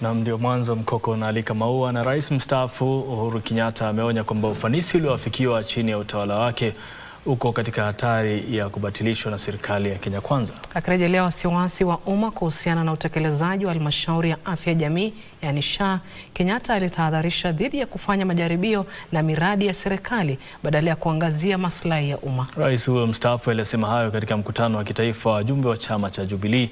Na ndio mwanzo mkoko unaalika maua. Na rais mstaafu Uhuru Kenyatta ameonya kwamba ufanisi ulioafikiwa chini ya utawala wake uko katika hatari ya kubatilishwa na serikali ya Kenya Kwanza, akirejelea wasiwasi wa umma kuhusiana na utekelezaji wa halmashauri ya afya jamii yani SHA. Kenyatta alitahadharisha dhidi ya kufanya majaribio na miradi ya serikali badala ya kuangazia maslahi ya umma. Rais huyo mstaafu alisema hayo katika mkutano wa kitaifa wa wajumbe wa chama cha Jubilee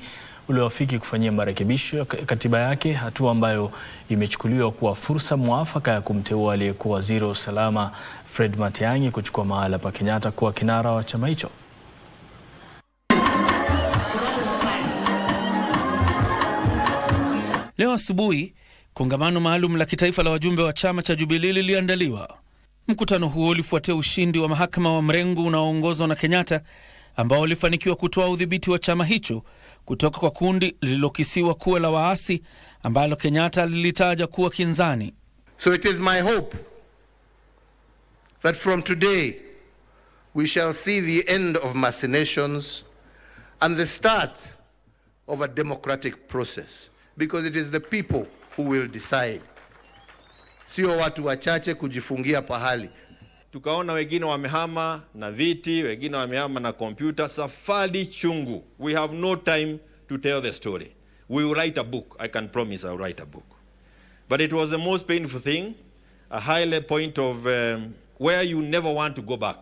uliowafiki kufanyia marekebisho katiba yake, hatua ambayo imechukuliwa kuwa fursa mwafaka ya kumteua aliyekuwa waziri wa usalama Fred Matiang'i kuchukua mahala pa Kenyatta kuwa kinara wa chama hicho. Leo asubuhi kongamano maalum la kitaifa la wajumbe wa chama cha Jubilee liliandaliwa. Mkutano huo ulifuatia ushindi wa mahakama wa mrengo unaoongozwa na Kenyatta ambao walifanikiwa kutoa udhibiti wa chama hicho kutoka kwa kundi lililokisiwa kuwa la waasi ambalo Kenyatta lilitaja kuwa kinzani. So it is my hope that from today we shall see the end of machinations and the start of a democratic process because it is the people who will decide, sio watu wachache kujifungia pahali tukaona wengine wamehama na viti, wengine wamehama na kompyuta. Safari chungu. We have no time to tell the story. We will write a book. I can promise I'll write a book. But it was the most painful thing, a high point of um, where you never want to go back.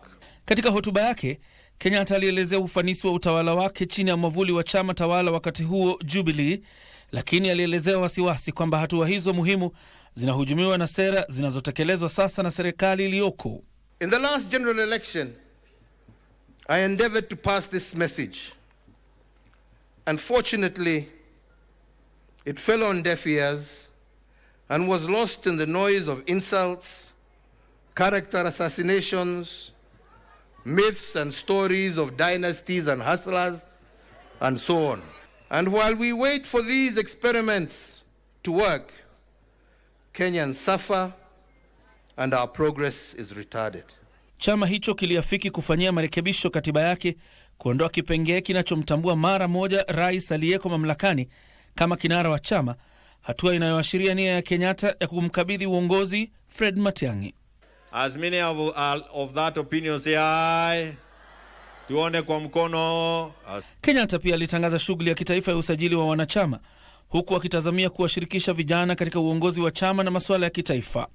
Katika hotuba yake Kenyatta alielezea ufanisi wa utawala wake chini ya mwavuli wa chama tawala wakati huo Jubilee, lakini alielezea wasiwasi kwamba hatua hizo muhimu zinahujumiwa na sera zinazotekelezwa sasa na serikali iliyoko. In the last general election, I endeavored to pass this message. Unfortunately, it fell on deaf ears and was lost in the noise of insults, character assassinations, myths and stories of dynasties and hustlers, and so on. And while we wait for these experiments to work, Kenyans suffer, and our progress is retarded. Chama hicho kiliafiki kufanyia marekebisho katiba yake kuondoa kipengee kinachomtambua mara moja rais aliyeko mamlakani kama kinara wa chama, hatua inayoashiria nia ya Kenyatta ya kumkabidhi uongozi Fred Matiang'i. As many of, uh, of that opinion say aye. Tuone kwa mkono. As... Kenyatta pia alitangaza shughuli ya kitaifa ya usajili wa wanachama huku akitazamia kuwashirikisha vijana katika uongozi wa chama na masuala ya kitaifa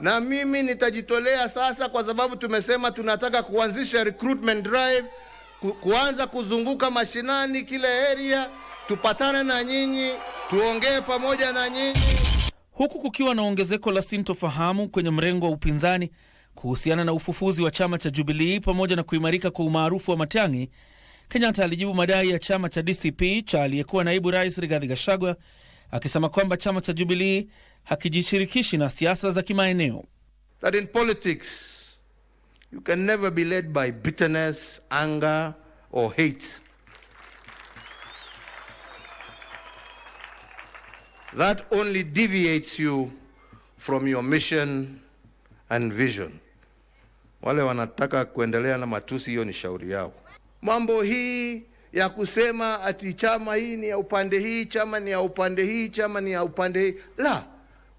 na mimi nitajitolea sasa, kwa sababu tumesema tunataka kuanzisha recruitment drive, kuanza kuzunguka mashinani kila area, tupatane na nyinyi, tuongee pamoja na nyinyi, huku kukiwa na ongezeko la sintofahamu kwenye mrengo wa upinzani kuhusiana na ufufuzi wa chama cha Jubilii pamoja na kuimarika kwa umaarufu wa Matiang'i. Kenyatta alijibu madai ya chama cha DCP cha aliyekuwa naibu rais Rigathi Gachagua akisema kwamba chama cha Jubilii hakijishirikishi na siasa za kimaeneo. That in politics you can never be led by bitterness, anger or hate. That only deviates you from your mission and vision. Wale wanataka kuendelea na matusi, hiyo ni shauri yao. Mambo hii ya kusema ati chama hii ni ya upande hii, chama ni ya upande hii, chama ni ya upande hii. La,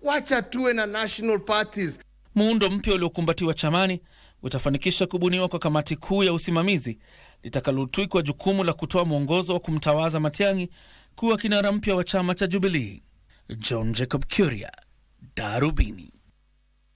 wacha tuwe na national parties. Muundo mpya uliokumbatiwa chamani utafanikisha kubuniwa kwa kamati kuu ya usimamizi litakalotwikwa jukumu la kutoa mwongozo wa kumtawaza Matiang'i kuwa kinara mpya wa chama cha Jubilii. John Jacob Kuria, Darubini.